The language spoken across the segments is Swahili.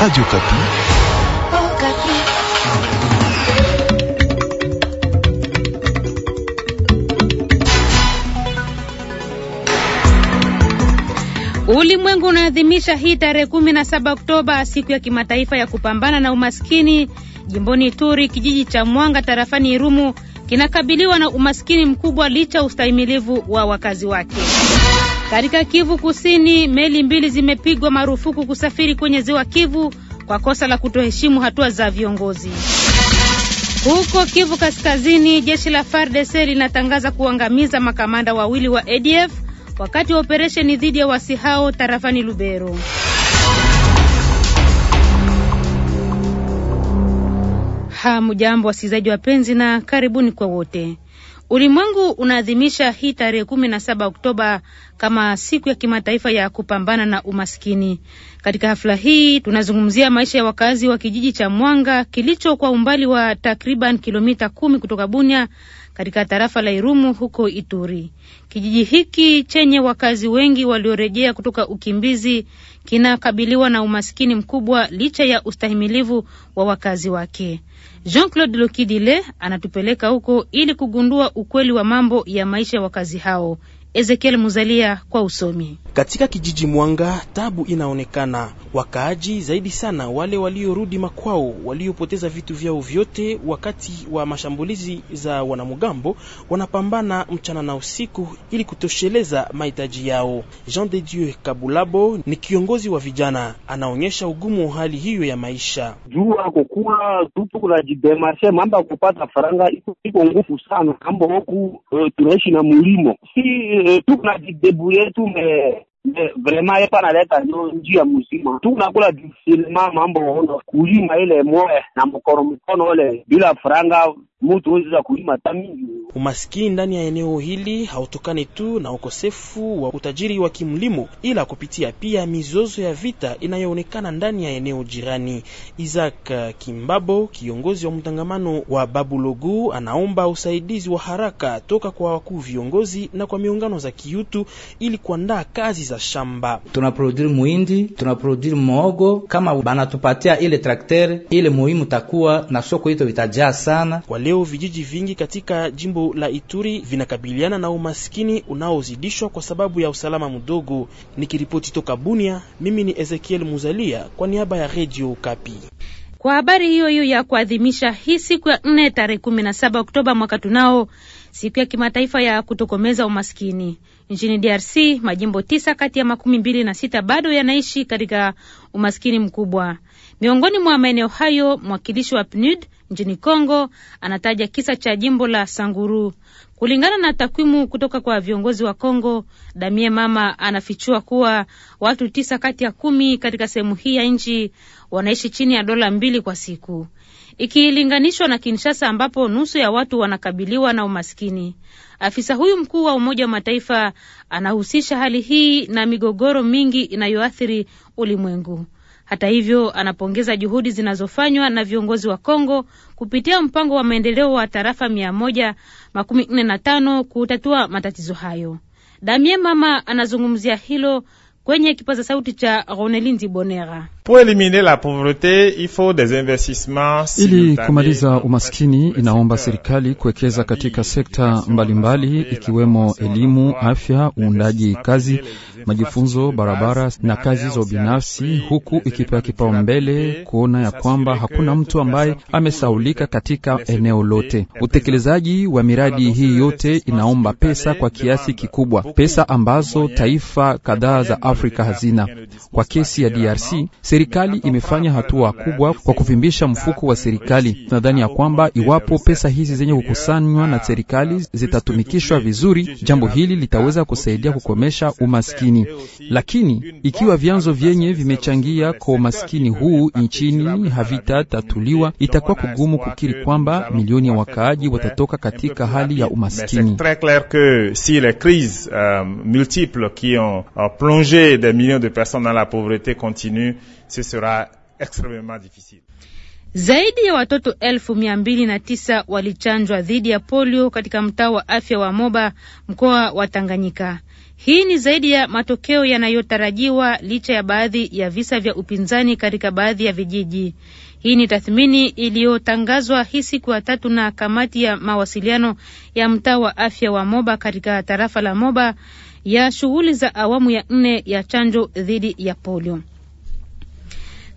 Radio Kapi. Oh, Kapi. Ulimwengu unaadhimisha hii tarehe 17 Oktoba siku ya kimataifa ya kupambana na umaskini. Jimboni turi kijiji cha Mwanga tarafani Irumu kinakabiliwa na umaskini mkubwa licha ustahimilivu wa wakazi wake. Katika Kivu Kusini, meli mbili zimepigwa marufuku kusafiri kwenye ziwa Kivu kwa kosa la kutoheshimu hatua za viongozi. Huko Kivu Kaskazini, jeshi la FARDC linatangaza kuangamiza makamanda wawili wa ADF wakati wa operesheni dhidi ya wasi hao tarafani Lubero. Hamjambo wasikilizaji wapenzi, na karibuni kwa wote. Ulimwengu unaadhimisha hii tarehe kumi na saba Oktoba kama siku ya kimataifa ya kupambana na umaskini. Katika hafla hii tunazungumzia maisha ya wakazi wa kijiji cha Mwanga kilicho kwa umbali wa takriban kilomita kumi kutoka Bunia katika tarafa la Irumu huko Ituri. Kijiji hiki chenye wakazi wengi waliorejea kutoka ukimbizi kinakabiliwa na umaskini mkubwa licha ya ustahimilivu wa wakazi wake. Jean-Claude Lokidile anatupeleka huko ili kugundua ukweli wa mambo ya maisha ya wakazi hao. Ezekiel Muzalia kwa usomi. Katika kijiji Mwanga, tabu inaonekana wakaaji zaidi sana wale waliorudi makwao, waliopoteza vitu vyao vyote wakati wa mashambulizi za wanamugambo, wanapambana mchana na usiku ili kutosheleza mahitaji yao. Jean de Dieu Kabulabo ni kiongozi wa vijana, anaonyesha ugumu wa hali hiyo ya maisha. Juu akokula tutu kunajidemarche mambo ya kupata faranga iko ngufu sana, kambo huku eh, tunaishi na mlimo si eh, yani tunajidebule tu me vraiment hapa naleta njia mzima, tunakula disilima mambo ono kulima ile moe na mkono mkono ole bila franga mutu weza kulima hata mingi. Umaskini ndani ya eneo hili hautokani tu na ukosefu wa utajiri wa kimlimo, ila kupitia pia mizozo ya vita inayoonekana ndani ya eneo jirani. Isaac Kimbabo, kiongozi wa mtangamano wa Babulogu, anaomba usaidizi wa haraka toka kwa wakuu viongozi na kwa miungano za kiutu ili kuandaa kazi za shamba. Tunaprodiri muhindi, tunaprodiri muogo, kama banatupatia ile trakter ile muhimu, takuwa na soko ito itajaa sana kwa Leo vijiji vingi katika jimbo la Ituri vinakabiliana na umaskini unaozidishwa kwa sababu ya usalama mdogo. Nikiripoti toka Bunia, mimi ni Ezekiel Muzalia kwa niaba ya Radio Kapi. Kwa habari hiyo hiyo ya kuadhimisha hii siku ya nne tarehe kumi na saba Oktoba mwaka tunao siku ya kimataifa ya kutokomeza umaskini nchini DRC. Majimbo tisa kati ya makumi mbili na sita bado yanaishi katika umaskini mkubwa. Miongoni mwa maeneo hayo mwakilishi wa PNUD nchini Kongo anataja kisa cha jimbo la Sanguru. Kulingana na takwimu kutoka kwa viongozi wa Kongo, Damie Mama anafichua kuwa watu tisa kati ya kumi katika sehemu hii ya nchi wanaishi chini ya dola mbili kwa siku ikilinganishwa na Kinshasa ambapo nusu ya watu wanakabiliwa na umaskini. Afisa huyu mkuu wa Umoja wa Mataifa anahusisha hali hii na migogoro mingi inayoathiri ulimwengu. Hata hivyo, anapongeza juhudi zinazofanywa na viongozi wa Kongo kupitia mpango wa maendeleo wa tarafa mia moja makumi nne na tano kutatua matatizo hayo. Damien Mama anazungumzia hilo kwenye kipaza sauti cha Ronelindi Bonera. Pour éliminer la pauvreté, il faut des investissements. Ili kumaliza umaskini inaomba serikali kuwekeza katika sekta mbalimbali mbali, ikiwemo elimu, afya, uundaji kazi, majifunzo, barabara na kazi za binafsi, huku ikipewa kipaumbele kuona ya kwamba hakuna mtu ambaye amesaulika katika eneo lote. Utekelezaji wa miradi hii yote inaomba pesa kwa kiasi kikubwa, pesa ambazo taifa kadhaa za Afrika hazina. Kwa kesi ya DRC Serikali imefanya hatua kubwa kwa kuvimbisha mfuko wa serikali. Tunadhani ya kwamba iwapo pesa hizi zenye kukusanywa na serikali zitatumikishwa vizuri, jambo hili litaweza kusaidia kukomesha umaskini. Lakini ikiwa vyanzo vyenye vimechangia kwa umaskini huu nchini havitatatuliwa, itakuwa kugumu kukiri kwamba milioni ya wakaaji watatoka katika hali ya umaskini ce sera extrêmement difficile. Zaidi ya watoto elfu mia mbili na tisa walichanjwa dhidi ya polio katika mtaa wa afya wa Moba, mkoa wa Tanganyika. Hii ni zaidi ya matokeo yanayotarajiwa licha ya baadhi ya visa vya upinzani katika baadhi ya vijiji. Hii ni tathmini iliyotangazwa hii siku ya tatu na kamati ya mawasiliano ya mtaa wa afya wa Moba katika tarafa la Moba ya shughuli za awamu ya nne ya chanjo dhidi ya polio.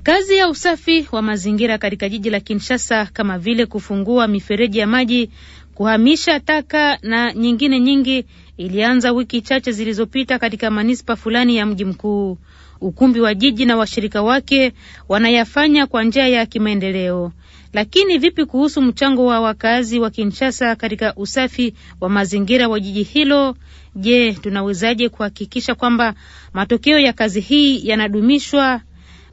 Kazi ya usafi wa mazingira katika jiji la Kinshasa kama vile kufungua mifereji ya maji, kuhamisha taka na nyingine nyingi ilianza wiki chache zilizopita katika manispa fulani ya mji mkuu. Ukumbi wa jiji na washirika wake wanayafanya kwa njia ya kimaendeleo. Lakini vipi kuhusu mchango wa wakazi wa Kinshasa katika usafi wa mazingira wa jiji hilo? Je, tunawezaje kuhakikisha kwamba matokeo ya kazi hii yanadumishwa?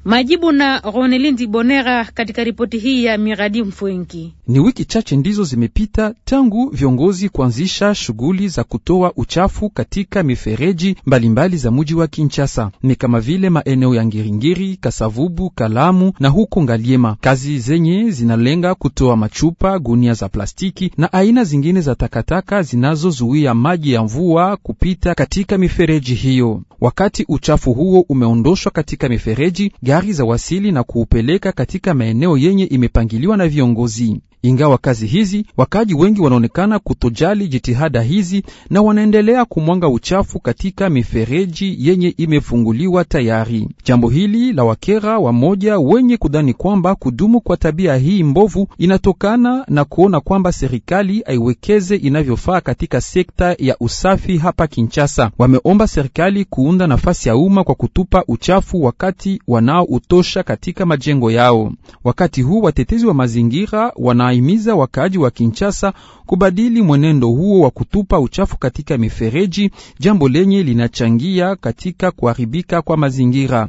Majibu na Ronelindi Bonera katika ripoti hii ya miradi Mfwenki. Ni wiki chache ndizo zimepita tangu viongozi kuanzisha shughuli za kutoa uchafu katika mifereji mbalimbali mbali za muji wa Kinshasa, ni kama vile maeneo ya Ngiringiri, Kasavubu, Kalamu na huko Ngaliema, kazi zenye zinalenga kutoa machupa, gunia za plastiki na aina zingine za takataka zinazozuia maji ya mvua kupita katika mifereji hiyo. Wakati uchafu huo umeondoshwa katika mifereji gari za wasili na kuupeleka katika maeneo yenye imepangiliwa na viongozi. Ingawa kazi hizi, wakaaji wengi wanaonekana kutojali jitihada hizi na wanaendelea kumwanga uchafu katika mifereji yenye imefunguliwa tayari. Jambo hili la wakera wamoja wenye kudhani kwamba kudumu kwa tabia hii mbovu inatokana na kuona kwamba serikali haiwekeze inavyofaa katika sekta ya usafi hapa Kinshasa. Wameomba serikali kuunda nafasi ya umma kwa kutupa uchafu wakati wanaoutosha katika majengo yao. Wakati huu watetezi wa mazingira wana anahimiza wakaaji wa Kinshasa kubadili mwenendo huo wa kutupa uchafu katika mifereji, jambo lenye linachangia katika kuharibika kwa mazingira.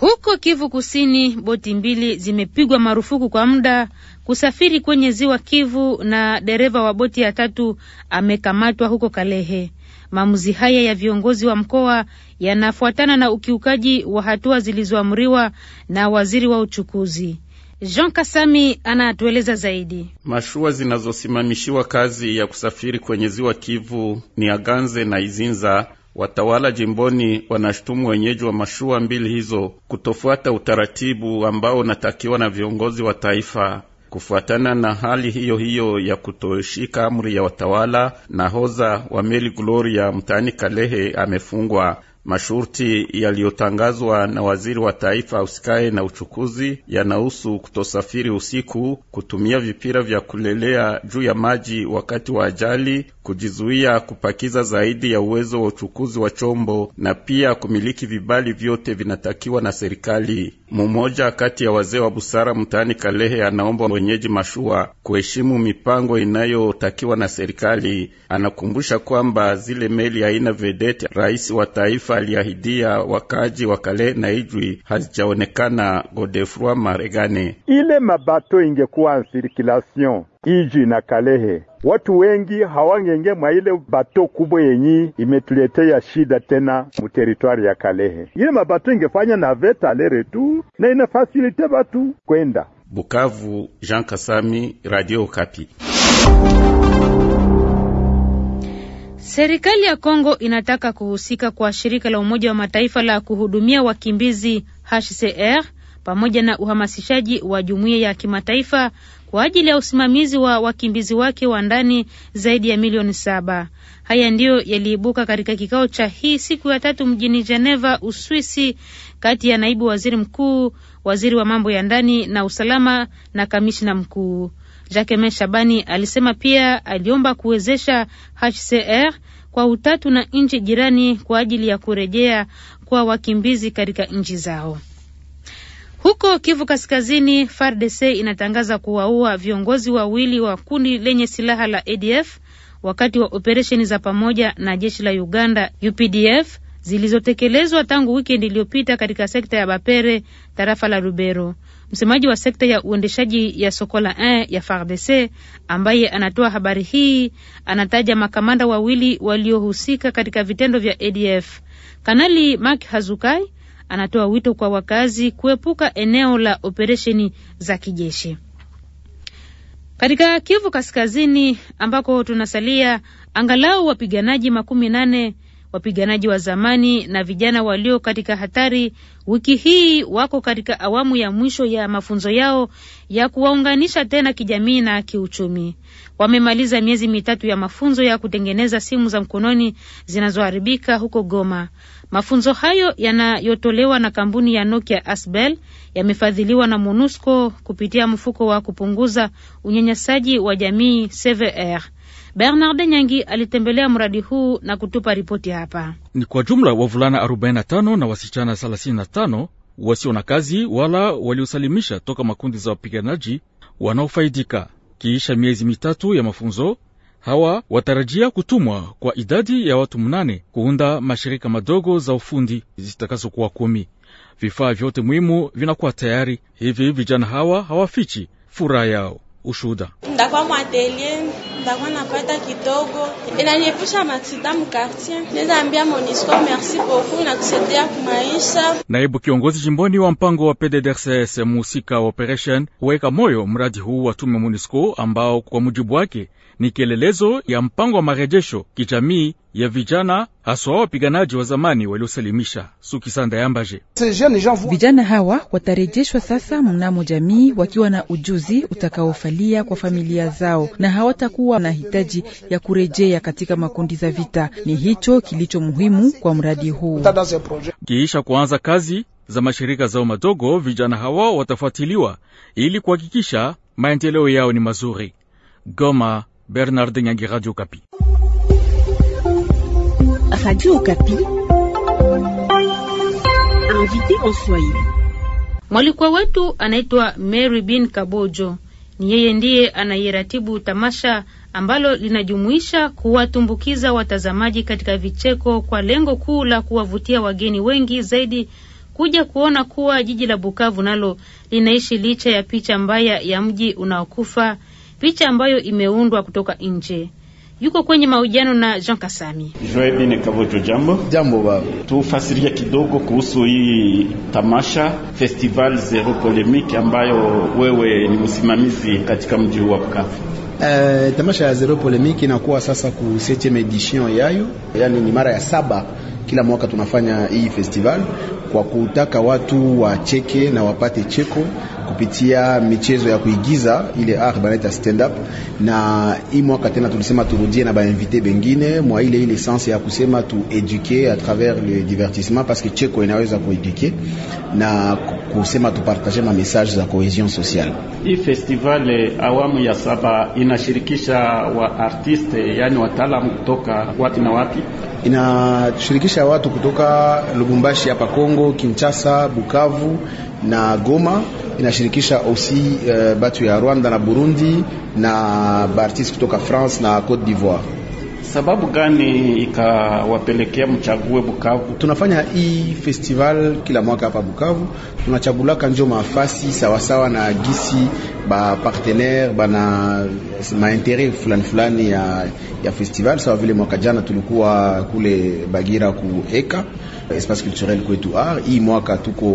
Huko Kivu Kusini, boti mbili zimepigwa marufuku kwa muda kusafiri kwenye ziwa Kivu, na dereva wa boti ya tatu amekamatwa huko Kalehe. Maamuzi haya ya viongozi wa mkoa yanafuatana na ukiukaji wa hatua zilizoamriwa na waziri wa uchukuzi. Jean Kasami anatueleza zaidi. Mashua zinazosimamishiwa kazi ya kusafiri kwenye ziwa Kivu ni Aganze na Izinza. Watawala jimboni wanashutumu wenyeji wa mashua mbili hizo kutofuata utaratibu ambao unatakiwa na viongozi wa taifa. Kufuatana na hali hiyo hiyo ya kutoshika amri ya watawala, nahoza wa meli Gloria mtaani Kalehe amefungwa. Masharti yaliyotangazwa na waziri wa taifa usikae na uchukuzi yanahusu kutosafiri usiku, kutumia vipira vya kulelea juu ya maji wakati wa ajali, kujizuia kupakiza zaidi ya uwezo wa uchukuzi wa chombo na pia kumiliki vibali vyote vinatakiwa na serikali. Mmoja kati ya wazee wa busara mtaani Kalehe anaomba wenyeji mashua kuheshimu mipango inayotakiwa na serikali. Anakumbusha kwamba zile meli aina vedete rais wa taifa aliahidia wakaji wa Kalehe na Ijwi hazijaonekana. Godefroi Maregane: ile mabato ingekuwa en iji na Kalehe. Watu wengi hawangenge mwa ile bato kubwa yenyi imetuletea shida tena muteritwari ya Kalehe. Ile mabato ingefanya na veta lere tu na inafasilite batu kwenda Bukavu. Jean Kasami, Radio Kapi. Serikali ya Kongo inataka kuhusika kwa shirika la Umoja wa Mataifa la kuhudumia wakimbizi HCR pamoja na uhamasishaji wa jumuiya ya kimataifa kwa ajili ya usimamizi wa wakimbizi wake wa ndani zaidi ya milioni saba. Haya ndiyo yaliibuka katika kikao cha hii siku ya tatu mjini Geneva, Uswisi, kati ya naibu waziri mkuu, waziri wa mambo ya ndani na usalama na kamishna mkuu. Jacquemain Shabani alisema pia aliomba kuwezesha HCR kwa utatu na nchi jirani kwa ajili ya kurejea kwa wakimbizi katika nchi zao. Huko Kivu Kaskazini, FARDC inatangaza kuwaua viongozi wawili wa kundi lenye silaha la ADF wakati wa operesheni za pamoja na jeshi la Uganda UPDF zilizotekelezwa tangu wikendi iliyopita katika sekta ya Bapere, tarafa la Rubero. Msemaji wa sekta ya uendeshaji ya Sokola 1 ya FARDC ambaye anatoa habari hii anataja makamanda wawili waliohusika katika vitendo vya ADF. Kanali Mark Hazukai anatoa wito kwa wakazi kuepuka eneo la operesheni za kijeshi. Katika Kivu Kaskazini ambako tunasalia, angalau wapiganaji makumi nane Wapiganaji wa zamani na vijana walio katika hatari wiki hii wako katika awamu ya mwisho ya mafunzo yao ya kuwaunganisha tena kijamii na kiuchumi. Wamemaliza miezi mitatu ya mafunzo ya kutengeneza simu za mkononi zinazoharibika huko Goma. Mafunzo hayo yanayotolewa na kampuni ya Nokia Asbel yamefadhiliwa na MONUSCO kupitia mfuko wa kupunguza unyanyasaji wa jamii CVR. Bernard Nyangi alitembelea mradi huu na kutupa ripoti hapa. Ni kwa jumla wavulana 45 na wasichana 35 wasio na kazi wala waliosalimisha toka makundi za wapiganaji wanaofaidika. Kiisha miezi mitatu ya mafunzo, hawa watarajia kutumwa kwa idadi ya watu mnane kuunda mashirika madogo za ufundi zitakazokuwa kumi. Vifaa vyote muhimu vinakuwa tayari. Hivi vijana hawa hawafichi furaha yao ushuda. Ndakwa mwatelie ndakwa napata kidogo, inaniepusha e, maksida mkartier. Nenda ambia Monisco merci beaucoup na kusaidia kumaisha. Naibu kiongozi jimboni wa mpango wa PDDRCS muhusika wa operation huweka moyo mradi huu wa tume Monisco ambao kwa mujibu wake ni kielelezo ya mpango wa marejesho kijamii ya vijana haswa wapiganaji wa zamani waliosalimisha Sukisanda Yambaje. Vijana hawa watarejeshwa sasa mnamo jamii wakiwa na ujuzi utakaofalia kwa familia zao na hawatakuwa na hitaji ya kurejea katika makundi za vita. Ni hicho kilicho muhimu kwa mradi huu. Kiisha kuanza kazi za mashirika zao madogo, vijana hawa watafuatiliwa ili kuhakikisha maendeleo yao ni mazuri. Goma, Bernard Nyangi, Radio Kapi. Radio Kapi. Invité en Swahili. Mwalikwa wetu anaitwa Mary Bin Kabojo. Ni yeye ndiye anayeratibu tamasha ambalo linajumuisha kuwatumbukiza watazamaji katika vicheko kwa lengo kuu la kuwavutia wageni wengi zaidi kuja kuona kuwa jiji la Bukavu nalo linaishi licha ya picha mbaya ya mji unaokufa picha ambayo imeundwa kutoka nje. Yuko kwenye mahojiano na Jean Kasami. Joel Kavojo, jambo. Jambo baba. Tufasiria kidogo kuhusu hii tamasha Festival Zero Polemique ambayo wewe ni msimamizi katika mji huu wa Bukavu. Uh, tamasha ya Zero Polemique inakuwa sasa ku 7 edition yayo, yaani ni mara ya saba kila mwaka tunafanya hii festival kwa kutaka watu wacheke na wapate cheko kupitia michezo ya kuigiza ile art banaita stand up, na hii mwaka tena tulisema turudie na bainvite bengine mwa ile ile sense ya kusema tu eduke a travers le divertissement parce que cheko inaweza kueduke na kusema tupartaje ma message za cohesion sociale. Hii festival eh, awamu ya saba inashirikisha wa artiste, yani wataalamu kutoka wapi na wapi? Inashirikisha watu kutoka Lubumbashi hapa Kongo, Kinshasa, Bukavu na Goma. Inashirikisha aussi uh, batu ya Rwanda na Burundi na baartiste kutoka France na Cote d'Ivoire sababu gani ikawapelekea mchague Bukavu? Tunafanya hii festival kila mwaka hapa Bukavu, tunachagulaka njo mafasi sawasawa na gisi ba partenaire bana maintere fulani fulani ya, ya festival. Sawa vile mwaka jana tulikuwa kule Bagira kueka espace culturel kwetu ar hii mwaka tuko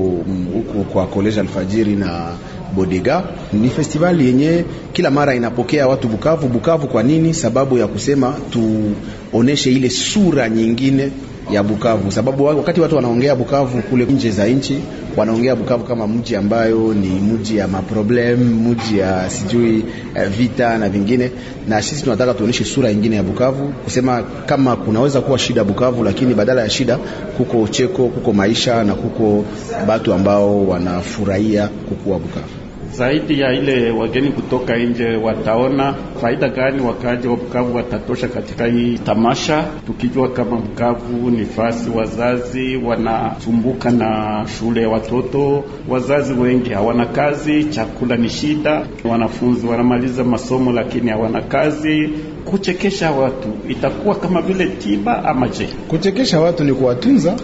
huko kwa college Alfajiri na Bodega. Ni festival yenye kila mara inapokea watu Bukavu. Bukavu kwa nini? Sababu ya kusema tuoneshe ile sura nyingine ya Bukavu, sababu wakati watu wanaongea Bukavu kule nje za nchi, wanaongea Bukavu kama mji ambayo ni mji ya maproblem, mji ya sijui eh, vita na vingine, na sisi tunataka tuoneshe sura nyingine ya Bukavu, kusema kama kunaweza kuwa shida Bukavu, lakini badala ya shida kuko cheko, kuko maisha na kuko watu ambao wanafurahia kukuwa Bukavu zaidi ya ile wageni kutoka nje wataona faida gani wakaaji wa Bukavu watatosha katika hii tamasha, tukijua kama Bukavu ni fasi wazazi wanasumbuka na shule ya watoto, wazazi wengi hawana kazi, chakula ni shida, wanafunzi wanamaliza masomo lakini hawana kazi. Kuchekesha watu itakuwa kama vile tiba ama je? Kuchekesha watu ni kuwatunza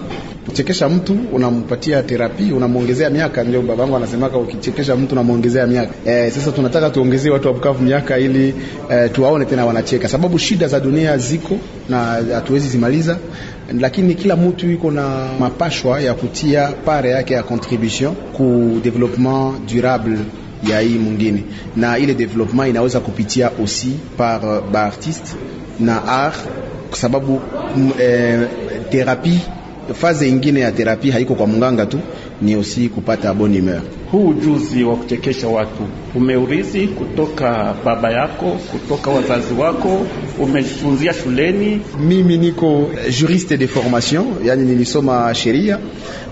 Kuchekesha mtu unampatia therapia, unamwongezea miaka. Ndio babangu anasemaka ukichekesha mtu unamwongezea miaka. E, sasa tunataka tuongezee watu wa Bukavu miaka ili e, tuwaone tena wanacheka, sababu shida za dunia ziko na hatuwezi zimaliza, lakini kila mtu yuko na mapashwa ya kutia pare yake ya contribution ku development durable ya hii mwingine, na ile development inaweza kupitia aussi par euh, ba artiste na art, kwa sababu mm, eh, therapie faze ingine ya therapia haiko kwa mganga tu, ni usi kupata boni mea. Huu ujuzi wa kuchekesha watu umeurizi kutoka baba yako, kutoka wazazi wako, umejifunzia shuleni? Mimi niko juriste de formation, yani nilisoma sheria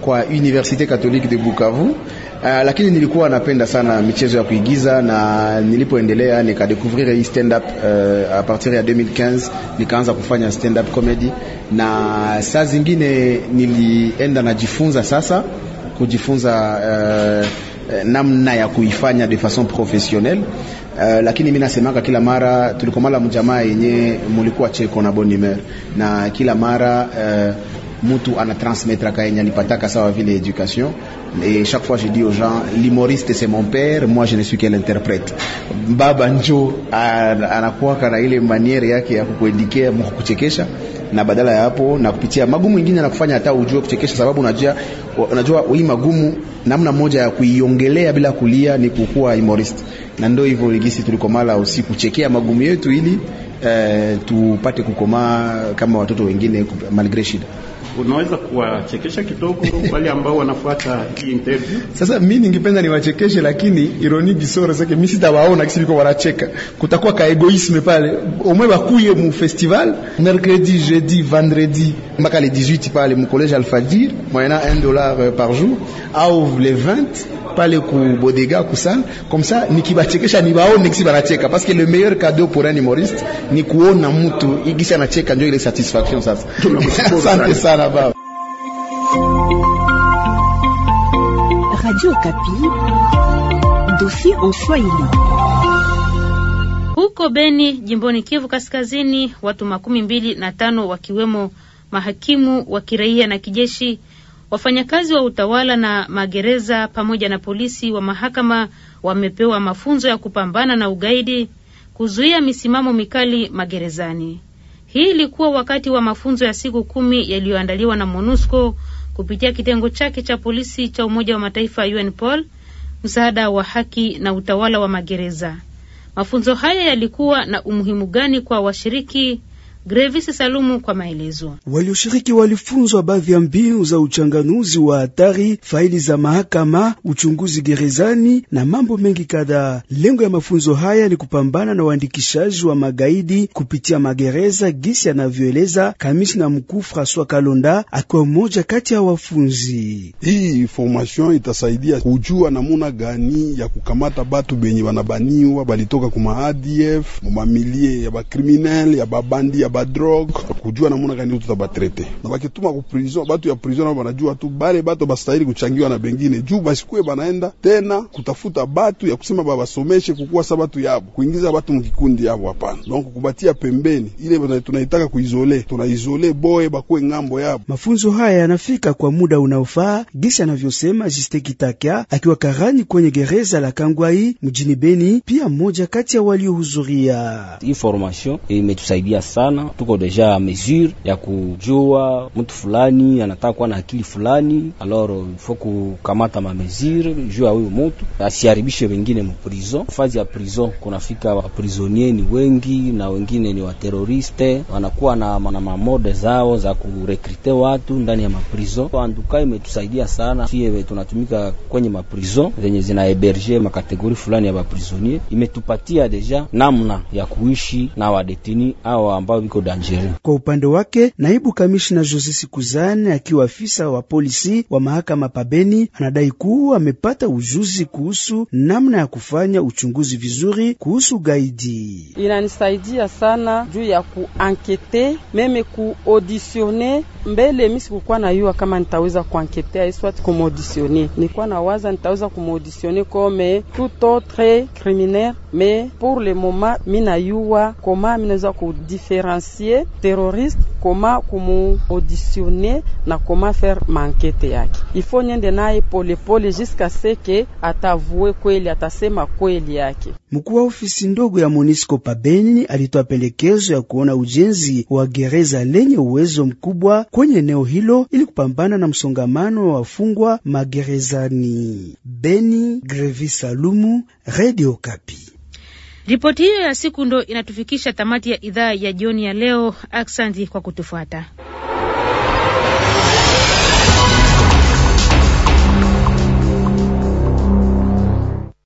kwa Universite Catholique de Bukavu Uh, lakini nilikuwa napenda sana michezo ya kuigiza na nilipoendelea nikadecouvrir hii stand up uh, a partir ya 2015 nikaanza kufanya stand up comedy, na saa zingine nilienda najifunza sasa kujifunza uh, namna ya kuifanya de façon professionnelle. Uh, lakini mimi nasemaka kila mara tulikomala mjamaa yenye mulikuwa cheko na bonimer na kila mara uh, mtu anatransmettre kaenya nipataka sawa vile education et chaque fois je dis aux gens l'humoriste c'est mon père moi je ne suis qu'un interprète baba njo anakuwa na ile maniere yake ya mko kuchekesha na badala ya hapo na kupitia magumu mengine na kufanya hata ujue kuchekesha, sababu unajua, unajua hii magumu, namna moja ya kuiongelea bila kulia ni kukua humorist, na ndio hivyo ligisi tulikomala usiku chekea magumu yetu ili eh, tupate kukomaa kama watoto wengine malgré shida unaweza kuwachekesha kidogo wale ambao wanafuata hii interview. Sasa mimi ningependa niwachekeshe, lakini ironi bisore sasa mimi sitawaona kisi biko wanacheka, kutakuwa ka egoisme pale. Omwe bakuye mu festival mercredi, jeudi, vendredi mpaka le 18 pale mu college Alfadir moyena 1 dollar euh, par jour au le 20 pale ku bodega kusana comme ça, nikibachekesha nibaone kisi banacheka, parce que le meilleur cadeau pour un humoriste ni kuona mtu igisi anacheka, ndio ile satisfaction sasa. Asante sana sana baba. Radio Kapi, dossier en Swahili. Huko Beni, jimboni Kivu Kaskazini, watu makumi mbili na tano wakiwemo mahakimu wa kiraia na kijeshi, wafanyakazi wa utawala na magereza, pamoja na polisi wa mahakama wamepewa mafunzo ya kupambana na ugaidi, kuzuia misimamo mikali magerezani. Hii ilikuwa wakati wa mafunzo ya siku kumi yaliyoandaliwa na MONUSCO kupitia kitengo chake cha polisi cha Umoja wa Mataifa UNPOL, msaada wa haki na utawala wa magereza. Mafunzo haya yalikuwa na umuhimu gani kwa washiriki? Grevis Salumu kwa maelezo. Walioshiriki walifunzwa baadhi ya mbinu za uchanganuzi wa hatari, faili za mahakama, uchunguzi gerezani na mambo mengi kadhaa. Lengo ya mafunzo haya ni kupambana na uandikishaji wa magaidi kupitia magereza, gisi anavyoeleza kamishna mkuu Francois Kalonda akiwa mmoja kati ya wafunzi. Hii formation itasaidia kujua namuna gani ya kukamata batu benye banabaniwa balitoka kuma ADF, mamilie ya bakriminel ya babandi ya badrog kujua namuna gani tutabatrete na bakituma ku prison, batu ya prison nao banajua tu bale bato bastahili kuchangiwa na bengine juu basikuwe banaenda tena kutafuta batu ya kusema babasomeshe kukuwa sa batu yabo kuingiza batu mukikundi yabo. Hapana, donc kubatia pembeni ile tunaitaka kuizole, tunaizole boye bakuwe ngambo yabo. Mafunzo haya yanafika kwa muda unaofaa, gisa anavyosema jiste kitakya akiwa karani kwenye gereza la Kangwai mjini Beni, pia mmoja kati ya waliohudhuria hii formation. Imetusaidia sana tuko deja mesure ya kujua mtu fulani anataka kuwa na akili fulani, alors faut kukamata ma mesure juu ya huyu mtu asiharibishe wengine mprison. Fazi ya prison kunafika waprisonier ni wengi na wengine ni wateroriste, wanakuwa na, na mamode zao za kurekrite watu ndani ya maprison. Anduka imetusaidia sana sie, tunatumika kwenye maprison zenye zina héberger makategori fulani ya waprisonier, imetupatia deja namna ya kuishi na wadetini au ambao iko danger. Kwa upande wake naibu kamishna Jose Sikuzane akiwa afisa wa polisi wa mahakama pabeni anadai kuwa amepata ujuzi kuhusu namna ya kufanya uchunguzi vizuri kuhusu gaidi. Inanisaidia sana juu ya kuankete meme kuauditione mbele, mi sikukuwa nayua kama nitaweza kuanketea eswat kumauditionne, nilikuwa nawaza nitaweza kumauditionne kome tout autre criminel, me pour le moment mi nayua koma minaweza kudiference dossier terroriste, koma kumuauditionne na koma faire mankete yake. Ifo niende naye polepole jiska seke atavue kweli, atasema kweli yake. Mkuu wa ofisi ndogo ya Monisco pabeni alitoa pendekezo ya kuona ujenzi wa gereza lenye uwezo mkubwa kwenye eneo hilo ili kupambana na msongamano wa wafungwa magerezani. Beni, Grevi Salumu, Radio Kapi. Ripoti hiyo ya siku ndo inatufikisha tamati ya idhaa ya jioni ya leo. Aksanti kwa kutufuata.